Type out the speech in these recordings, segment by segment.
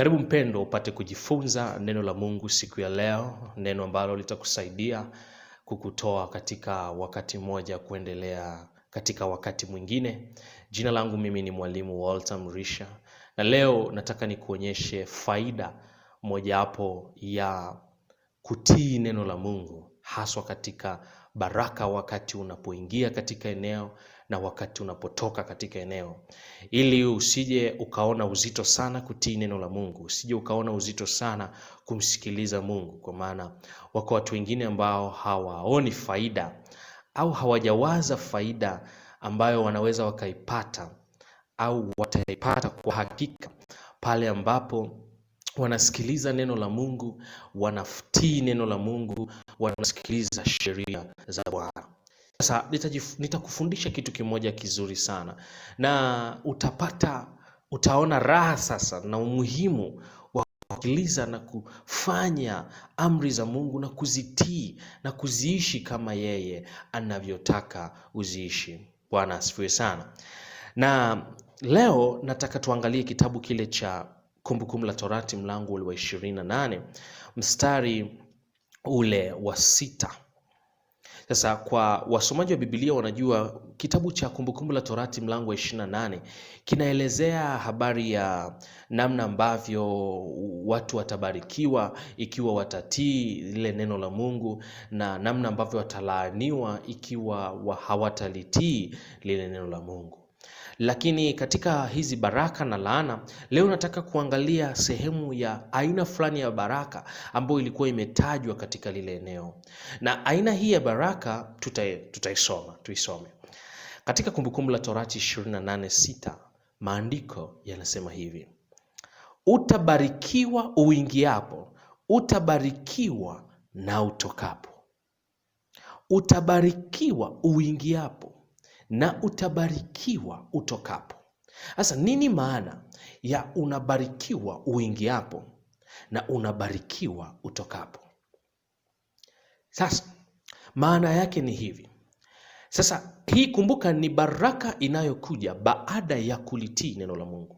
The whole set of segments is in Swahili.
Karibu mpendo, upate kujifunza neno la Mungu siku ya leo, neno ambalo litakusaidia kukutoa katika wakati mmoja kuendelea katika wakati mwingine. Jina langu mimi ni mwalimu Walter Mrisha, na leo nataka nikuonyeshe faida mojawapo ya kutii neno la Mungu, haswa katika baraka wakati unapoingia katika eneo na wakati unapotoka katika eneo, ili usije ukaona uzito sana kutii neno la Mungu, usije ukaona uzito sana kumsikiliza Mungu, kwa maana wako watu wengine ambao hawaoni faida au hawajawaza faida ambayo wanaweza wakaipata au wataipata kwa hakika pale ambapo wanasikiliza neno la Mungu, wanafutii neno la Mungu, wanasikiliza sheria za Bwana. Sasa nitakufundisha kitu kimoja kizuri sana na utapata, utaona raha sasa na umuhimu wa kusikiliza na kufanya amri za Mungu na kuzitii na kuziishi kama yeye anavyotaka uziishi. Bwana asifiwe sana. Na leo nataka tuangalie kitabu kile cha Kumbukumbu la Torati mlango ule wa ishirini na nane mstari ule wa sita sasa kwa wasomaji wa Biblia wanajua kitabu cha Kumbukumbu la Torati mlango wa 28 kinaelezea habari ya namna ambavyo watu watabarikiwa ikiwa watatii lile neno la Mungu na namna ambavyo watalaaniwa ikiwa hawatalitii lile neno la Mungu. Lakini katika hizi baraka na laana, leo nataka kuangalia sehemu ya aina fulani ya baraka ambayo ilikuwa imetajwa katika lile eneo, na aina hii ya baraka tutaisoma, tuisome katika Kumbukumbu la Torati 28:6 maandiko yanasema hivi: utabarikiwa uingiapo, utabarikiwa na utokapo. Utabarikiwa uingiapo na utabarikiwa utokapo. Sasa nini maana ya unabarikiwa uingiapo na unabarikiwa utokapo? Sasa maana yake ni hivi. Sasa hii kumbuka, ni baraka inayokuja baada ya kulitii neno la Mungu.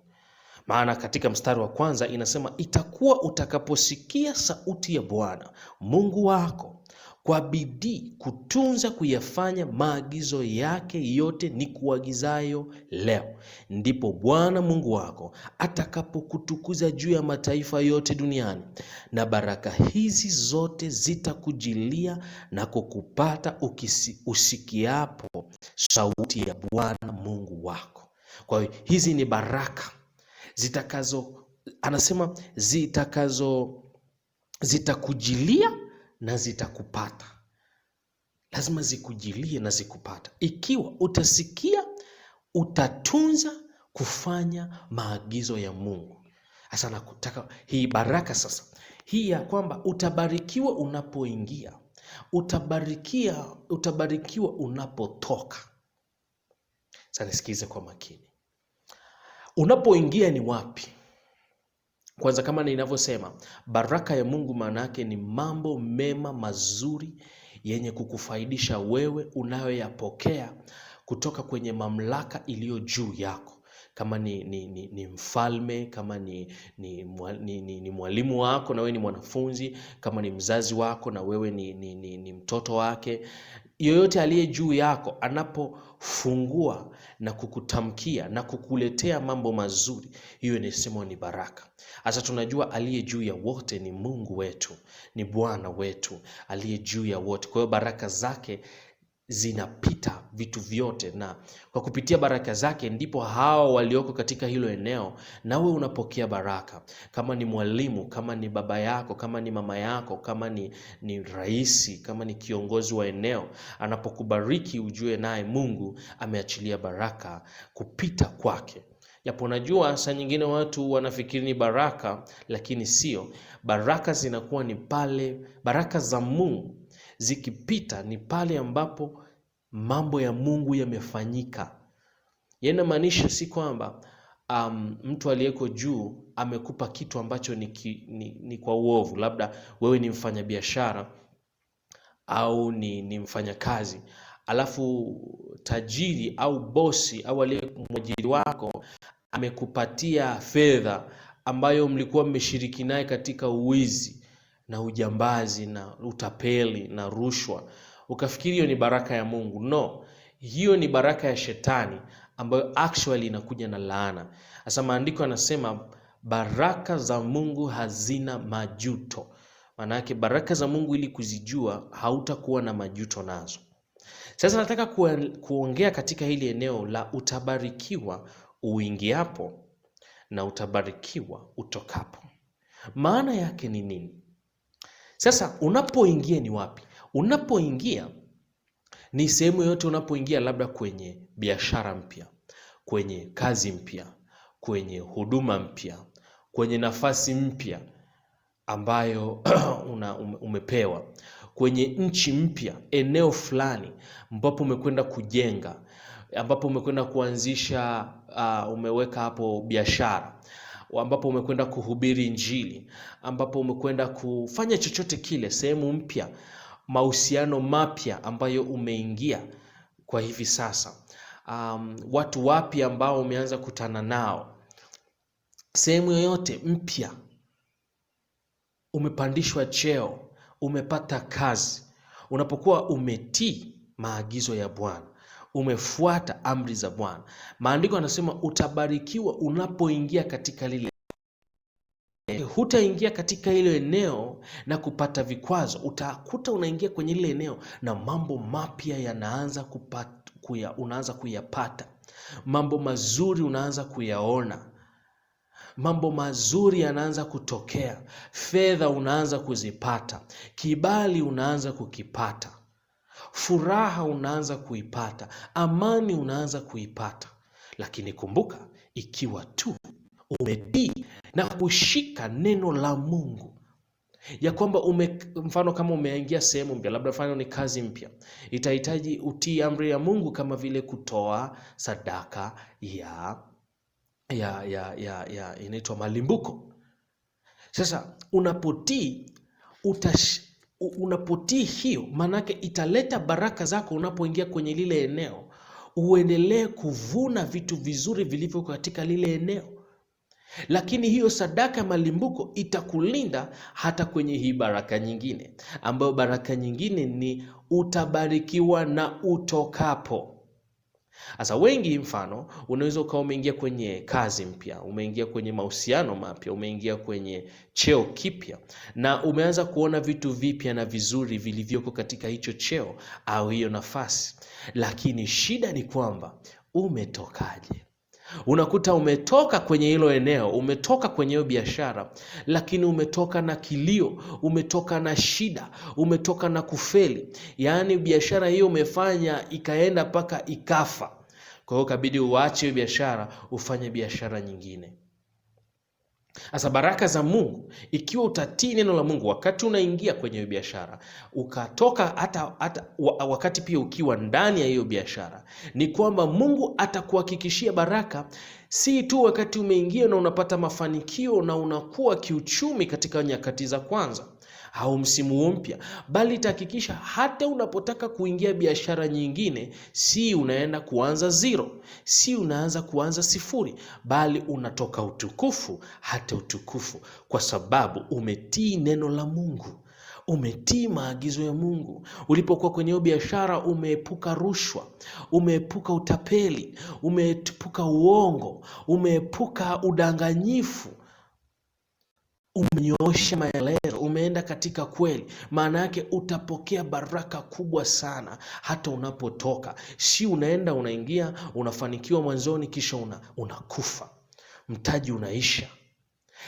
Maana katika mstari wa kwanza inasema, itakuwa utakaposikia sauti ya Bwana Mungu wako kwa bidii kutunza kuyafanya maagizo yake yote ni kuagizayo leo, ndipo Bwana Mungu wako atakapokutukuza juu ya mataifa yote duniani, na baraka hizi zote zitakujilia na kukupata ukisi, usikiapo sauti ya Bwana Mungu wako. Kwa hiyo hizi ni baraka zitakazo, anasema zitakazo zitakujilia na zitakupata. Lazima zikujilie na zikupata, ikiwa utasikia, utatunza kufanya maagizo ya Mungu. Sasa nakutaka hii baraka sasa hii ya kwamba utabarikiwa unapoingia, utabarikia utabarikiwa unapotoka. Sasa nisikize kwa makini, unapoingia ni wapi? Kwanza kama ninavyosema, baraka ya Mungu maana yake ni mambo mema mazuri yenye kukufaidisha wewe unayoyapokea kutoka kwenye mamlaka iliyo juu yako kama ni, ni, ni, ni mfalme kama ni, ni, ni, ni, ni mwalimu wako na wewe ni mwanafunzi, kama ni mzazi wako na wewe ni, ni, ni, ni mtoto wake, yoyote aliye juu yako anapo kukufungua na kukutamkia na kukuletea mambo mazuri, hiyo inasema ni baraka. Sasa tunajua aliye juu ya wote ni Mungu wetu, ni Bwana wetu aliye juu ya wote. Kwa hiyo baraka zake zinapita vitu vyote, na kwa kupitia baraka zake ndipo hao walioko katika hilo eneo, nawe unapokea baraka. Kama ni mwalimu, kama ni baba yako, kama ni mama yako, kama ni, ni rais, kama ni kiongozi wa eneo, anapokubariki ujue naye Mungu ameachilia baraka kupita kwake. Japo najua saa nyingine watu wanafikiri ni baraka, lakini sio baraka. Zinakuwa ni pale baraka za Mungu zikipita, ni pale ambapo mambo ya Mungu yamefanyika. Yanamaanisha yaani si kwamba um, mtu aliyeko juu amekupa kitu ambacho ni, ki, ni, ni kwa uovu, labda wewe ni mfanyabiashara au ni, ni mfanyakazi alafu tajiri au bosi au mwajiri wako amekupatia fedha ambayo mlikuwa mmeshiriki naye katika uwizi na ujambazi na utapeli na rushwa ukafikiri hiyo ni baraka ya Mungu. No, hiyo ni baraka ya shetani ambayo actually inakuja na laana. Sasa maandiko yanasema baraka za Mungu hazina majuto. Maana yake baraka za Mungu ili kuzijua, hautakuwa na majuto nazo. Sasa nataka kuongea katika hili eneo la utabarikiwa uingiapo na utabarikiwa utokapo. Maana yake ni nini? Sasa unapoingia ni wapi? Unapoingia ni sehemu yoyote, unapoingia labda kwenye biashara mpya, kwenye kazi mpya, kwenye huduma mpya, kwenye nafasi mpya ambayo una, umepewa kwenye nchi mpya, eneo fulani ambapo umekwenda kujenga, ambapo umekwenda kuanzisha uh, umeweka hapo biashara, ambapo umekwenda kuhubiri Injili, ambapo umekwenda kufanya chochote kile, sehemu mpya mahusiano mapya ambayo umeingia kwa hivi sasa, um, watu wapya ambao umeanza kutana nao, sehemu yoyote mpya, umepandishwa cheo, umepata kazi, unapokuwa umetii maagizo ya Bwana umefuata amri za Bwana. Maandiko anasema utabarikiwa unapoingia katika lile Eh, hutaingia katika ile eneo na kupata vikwazo. Utakuta unaingia kwenye lile eneo na mambo mapya yanaanza kupata, kuya, unaanza kuyapata mambo mazuri, unaanza kuyaona mambo mazuri yanaanza kutokea, fedha unaanza kuzipata, kibali unaanza kukipata, furaha unaanza kuipata, amani unaanza kuipata. Lakini kumbuka, ikiwa tu umetii na kushika neno la Mungu ya kwamba ume, mfano kama umeingia sehemu mpya, labda mfano ni kazi mpya, itahitaji utii amri ya Mungu kama vile kutoa sadaka ya ya ya ya, ya inaitwa malimbuko. Sasa unapotii utash, unapotii hiyo, maanake italeta baraka zako unapoingia kwenye lile eneo, uendelee kuvuna vitu vizuri vilivyo katika lile eneo. Lakini hiyo sadaka ya malimbuko itakulinda hata kwenye hii baraka nyingine, ambayo baraka nyingine ni utabarikiwa na utokapo. Sasa wengi, mfano, unaweza ukawa umeingia kwenye kazi mpya, umeingia kwenye mahusiano mapya, umeingia kwenye cheo kipya, na umeanza kuona vitu vipya na vizuri vilivyoko katika hicho cheo au hiyo nafasi, lakini shida ni kwamba umetokaje? unakuta umetoka kwenye hilo eneo, umetoka kwenye hiyo biashara, lakini umetoka na kilio, umetoka na shida, umetoka na kufeli. Yaani biashara hiyo umefanya ikaenda mpaka ikafa. Kwa hiyo kabidi uache biashara, ufanye biashara nyingine. Sasa baraka za Mungu, ikiwa utatii neno la Mungu wakati unaingia kwenye hiyo biashara, ukatoka hata, hata wakati pia ukiwa ndani ya hiyo biashara, ni kwamba Mungu atakuhakikishia baraka, si tu wakati umeingia na unapata mafanikio na unakuwa kiuchumi katika nyakati za kwanza au msimu mpya, bali itahakikisha hata unapotaka kuingia biashara nyingine, si unaenda kuanza zero, si unaanza kuanza sifuri, bali unatoka utukufu hata utukufu, kwa sababu umetii neno la Mungu umetii maagizo ya Mungu. Ulipokuwa kwenye hiyo biashara, umeepuka rushwa, umeepuka utapeli, umeepuka uongo, umeepuka udanganyifu, umenyoosha maelezo, umeenda katika kweli, maana yake utapokea baraka kubwa sana hata unapotoka. Si unaenda unaingia, unafanikiwa mwanzoni, kisha una, unakufa, mtaji unaisha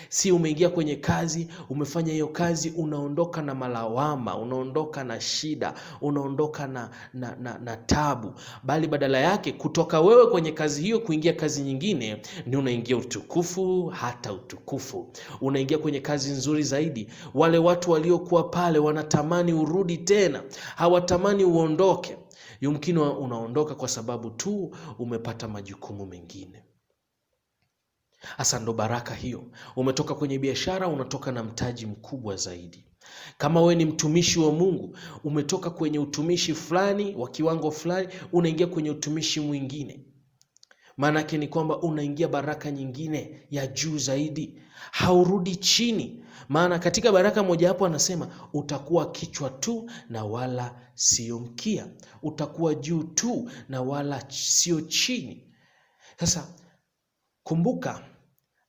si umeingia kwenye kazi, umefanya hiyo kazi, unaondoka na malawama, unaondoka na shida, unaondoka na, na, na, na tabu, bali badala yake kutoka wewe kwenye kazi hiyo kuingia kazi nyingine, ni unaingia utukufu, hata utukufu, unaingia kwenye kazi nzuri zaidi. Wale watu waliokuwa pale wanatamani urudi tena, hawatamani uondoke. Yumkini unaondoka kwa sababu tu umepata majukumu mengine. Hasa ndo baraka hiyo. Umetoka kwenye biashara, unatoka na mtaji mkubwa zaidi. Kama we ni mtumishi wa Mungu, umetoka kwenye utumishi fulani wa kiwango fulani, unaingia kwenye utumishi mwingine. Maana yake ni kwamba unaingia baraka nyingine ya juu zaidi, haurudi chini. Maana katika baraka mojawapo anasema utakuwa kichwa tu na wala sio mkia, utakuwa juu tu na wala sio chini. Sasa kumbuka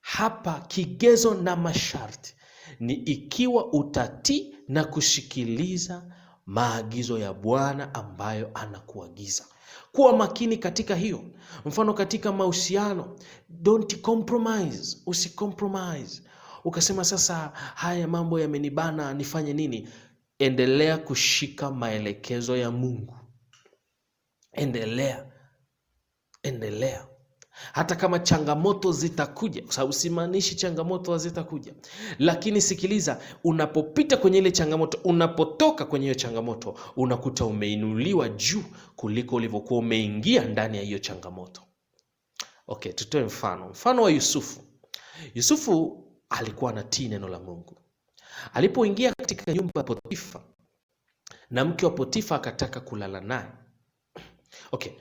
hapa kigezo na masharti ni ikiwa utatii na kushikiliza maagizo ya Bwana ambayo anakuagiza. Kuwa makini katika hiyo. Mfano, katika mahusiano, don't compromise, usicompromise ukasema sasa, haya mambo yamenibana, nifanye nini? Endelea kushika maelekezo ya Mungu, endelea endelea hata kama changamoto zitakuja, kwa sababu simaanishi changamoto hazitakuja, lakini sikiliza, unapopita kwenye ile changamoto, unapotoka kwenye hiyo changamoto, unakuta umeinuliwa juu kuliko ulivyokuwa umeingia ndani ya hiyo changamoto. Okay, tutoe mfano, mfano wa Yusufu. Yusufu alikuwa anatii neno la Mungu. Alipoingia katika nyumba ya Potifa na mke wa Potifa akataka kulala naye. Okay,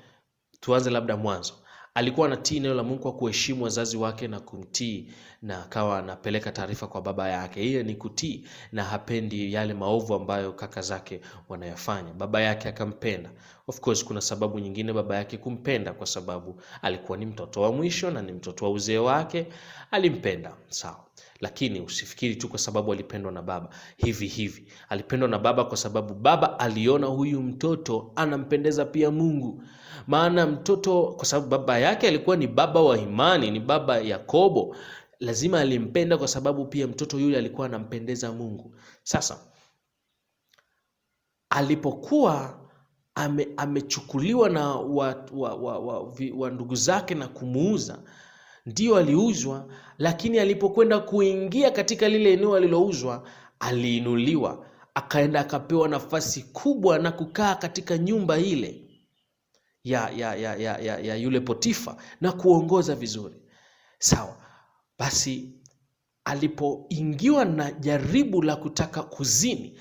tuanze labda mwanzo. Alikuwa anatii neno la Mungu kwa kuheshimu wazazi wake na kumtii, na akawa anapeleka taarifa kwa baba yake. Hiyo ni kutii, na hapendi yale maovu ambayo kaka zake wanayafanya. Baba yake akampenda. Of course kuna sababu nyingine baba yake kumpenda, kwa sababu alikuwa ni mtoto wa mwisho na ni mtoto wa uzee wake, alimpenda sawa. Lakini usifikiri tu kwa sababu alipendwa na baba hivi hivi. Alipendwa na baba kwa sababu baba aliona huyu mtoto anampendeza pia Mungu maana mtoto, kwa sababu baba yake alikuwa ni baba wa imani, ni baba Yakobo, lazima alimpenda, kwa sababu pia mtoto yule alikuwa anampendeza Mungu. Sasa alipokuwa ame, amechukuliwa na wa, wa, wa, wa, wa ndugu zake na kumuuza, ndio aliuzwa, lakini alipokwenda kuingia katika lile eneo alilouzwa aliinuliwa, akaenda akapewa nafasi kubwa na kukaa katika nyumba ile ya, ya, ya, ya, ya, ya yule Potifa na kuongoza vizuri. Sawa basi, alipoingiwa na jaribu la kutaka kuzini,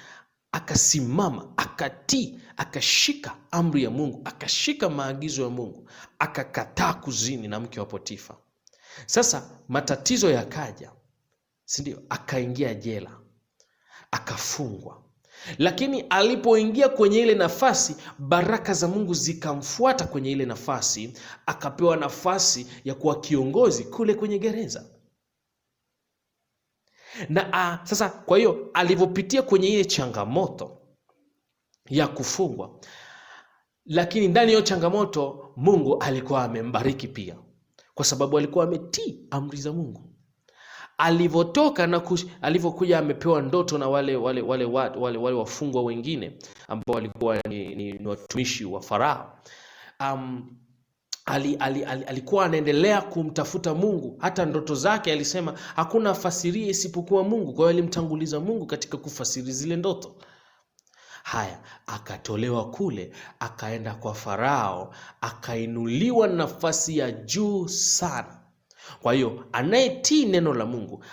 akasimama akatii, akashika amri ya Mungu, akashika maagizo ya Mungu, akakataa kuzini na mke wa Potifa. Sasa matatizo yakaja, si ndio? Akaingia jela, akafungwa lakini alipoingia kwenye ile nafasi, baraka za Mungu zikamfuata kwenye ile nafasi, akapewa nafasi ya kuwa kiongozi kule kwenye gereza na a, sasa kwa hiyo alivyopitia kwenye ile changamoto ya kufungwa, lakini ndani ya changamoto Mungu alikuwa amembariki pia, kwa sababu alikuwa ametii amri za Mungu alivyotoka na alivyokuja amepewa ndoto na wale wale wale wale, wale wafungwa wengine ambao walikuwa ni, ni, ni watumishi wa Farao um, ali, ali, ali, alikuwa anaendelea kumtafuta Mungu. Hata ndoto zake alisema hakuna afasirie isipokuwa Mungu. Kwa hiyo alimtanguliza Mungu katika kufasiri zile ndoto. Haya, akatolewa kule, akaenda kwa Farao, akainuliwa nafasi ya juu sana kwa hiyo anayetii neno la Mungu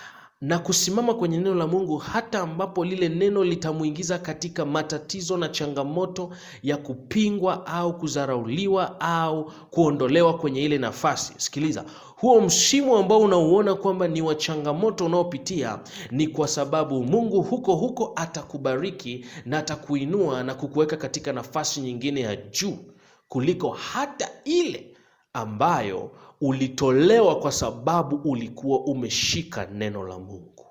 na kusimama kwenye neno la Mungu hata ambapo lile neno litamwingiza katika matatizo na changamoto ya kupingwa au kudharauliwa au kuondolewa kwenye ile nafasi. Sikiliza, huo msimu ambao unauona kwamba ni wa changamoto unaopitia ni kwa sababu Mungu huko huko atakubariki na atakuinua na kukuweka katika nafasi nyingine ya juu kuliko hata ile ambayo ulitolewa kwa sababu ulikuwa umeshika neno la Mungu.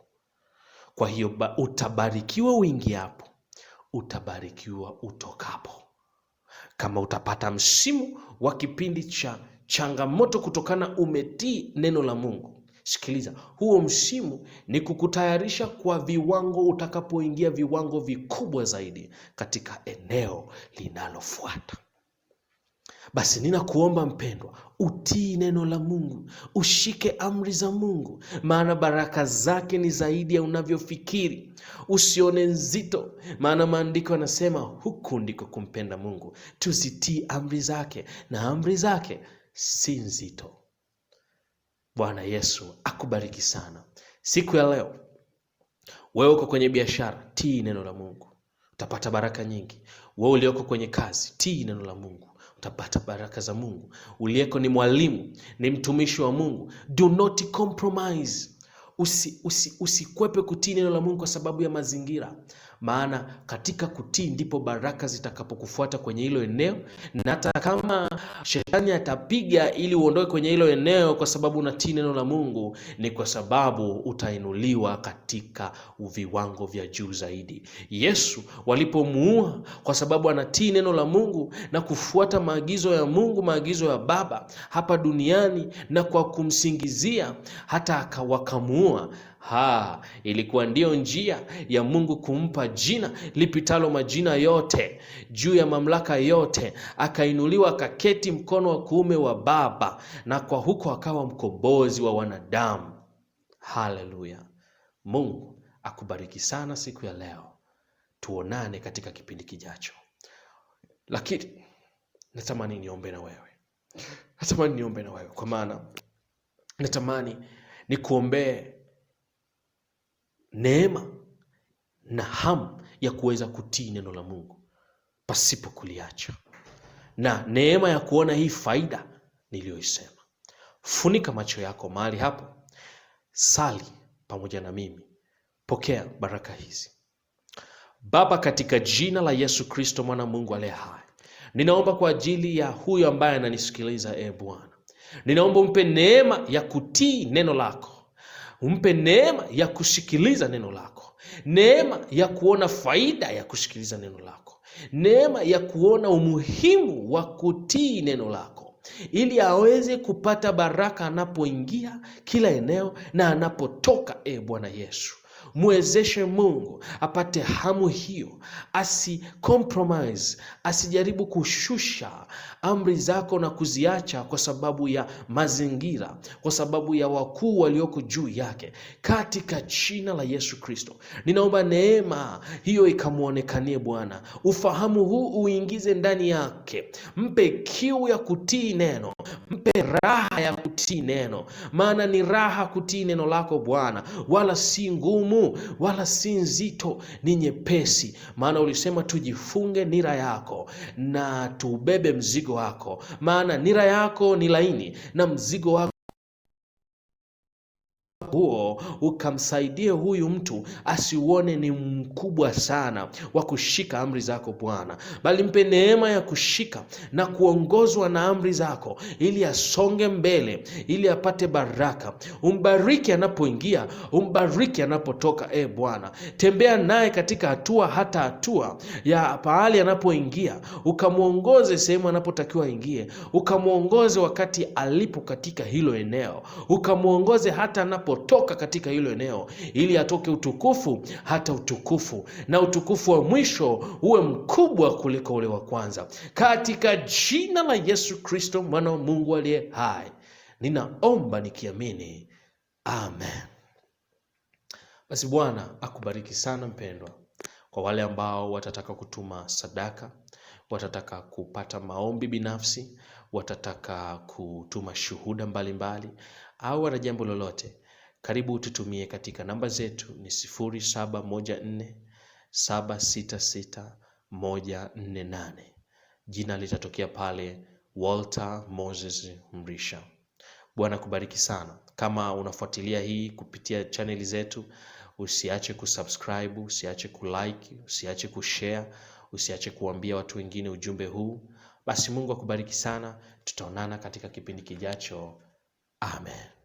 Kwa hiyo utabarikiwa uingiapo, utabarikiwa utokapo. Kama utapata msimu wa kipindi cha changamoto kutokana umetii neno la Mungu, sikiliza, huo msimu ni kukutayarisha kwa viwango utakapoingia viwango vikubwa zaidi katika eneo linalofuata. Basi ninakuomba mpendwa, utii neno la Mungu, ushike amri za Mungu, maana baraka zake ni zaidi ya unavyofikiri. Usione nzito, maana maandiko yanasema huku ndiko kumpenda Mungu, tuzitii amri zake, na amri zake si nzito. Bwana Yesu akubariki sana siku ya leo. Wewe uko kwenye biashara, tii neno la Mungu, utapata baraka nyingi. Wewe ulioko kwenye kazi, tii neno la Mungu utapata baraka za Mungu. Uliyeko ni mwalimu, ni mtumishi wa Mungu. Do not compromise. Usi, usi, usikwepe kutii neno la Mungu kwa sababu ya mazingira maana katika kutii ndipo baraka zitakapokufuata kwenye hilo eneo, na hata kama shetani atapiga ili uondoke kwenye hilo eneo, kwa sababu unatii neno la Mungu, ni kwa sababu utainuliwa katika viwango vya juu zaidi. Yesu walipomuua kwa sababu anatii neno la Mungu na kufuata maagizo ya Mungu, maagizo ya Baba hapa duniani, na kwa kumsingizia hata wakamuua Ha, ilikuwa ndiyo njia ya Mungu kumpa jina lipitalo majina yote juu ya mamlaka yote, akainuliwa akaketi mkono wa kuume wa Baba, na kwa huko akawa mkombozi wa wanadamu. Haleluya! Mungu akubariki sana siku ya leo, tuonane katika kipindi kijacho. Lakini natamani niombe na wewe, natamani niombe na wewe, kwa maana natamani nikuombee neema na hamu ya kuweza kutii neno la Mungu pasipo kuliacha, na neema ya kuona hii faida niliyoisema. Funika macho yako mahali hapo, sali pamoja na mimi, pokea baraka hizi. Baba, katika jina la Yesu Kristo mwana Mungu aliye hai, ninaomba kwa ajili ya huyo ambaye ananisikiliza. E Bwana, ninaomba umpe neema ya kutii neno lako umpe neema ya kusikiliza neno lako, neema ya kuona faida ya kusikiliza neno lako, neema ya kuona umuhimu wa kutii neno lako ili aweze kupata baraka anapoingia kila eneo na anapotoka. E Bwana Yesu, Mwezeshe Mungu apate hamu hiyo, asi compromise, asijaribu kushusha amri zako na kuziacha kwa sababu ya mazingira, kwa sababu ya wakuu walioko juu yake, katika jina la Yesu Kristo. Ninaomba neema hiyo ikamwonekanie Bwana, ufahamu huu uingize ndani yake, mpe kiu ya kutii neno, mpe raha ya kutii neno, maana ni raha kutii neno lako Bwana, wala si ngumu wala si nzito, ni nyepesi. Maana ulisema tujifunge nira yako na tubebe mzigo wako, maana nira yako ni laini na mzigo wako huo ukamsaidie huyu mtu asiuone ni mkubwa sana wa kushika amri zako Bwana, bali mpe neema ya kushika na kuongozwa na amri zako, ili asonge mbele, ili apate baraka. Umbariki anapoingia, umbariki anapotoka. E Bwana, tembea naye katika hatua hata hatua ya pahali anapoingia, ukamwongoze sehemu anapotakiwa ingie ukamwongoze wakati alipo katika hilo eneo, ukamwongoze hata anapo kutoka katika hilo eneo, ili atoke utukufu hata utukufu, na utukufu wa mwisho uwe mkubwa kuliko ule wa kwanza, katika jina la Yesu Kristo, mwana wa Mungu aliye hai, ninaomba nikiamini, amen. Basi Bwana akubariki sana mpendwa. Kwa wale ambao watataka kutuma sadaka, watataka kupata maombi binafsi, watataka kutuma shuhuda mbalimbali au wana jambo lolote, karibu tutumie katika namba zetu ni 0714 766 148. Jina litatokea pale Walter Moses Mrisha. Bwana kubariki sana. Kama unafuatilia hii kupitia chaneli zetu, usiache kusubscribe, usiache kulike, usiache kushare, usiache kuambia watu wengine ujumbe huu. Basi Mungu akubariki sana. Tutaonana katika kipindi kijacho. Amen.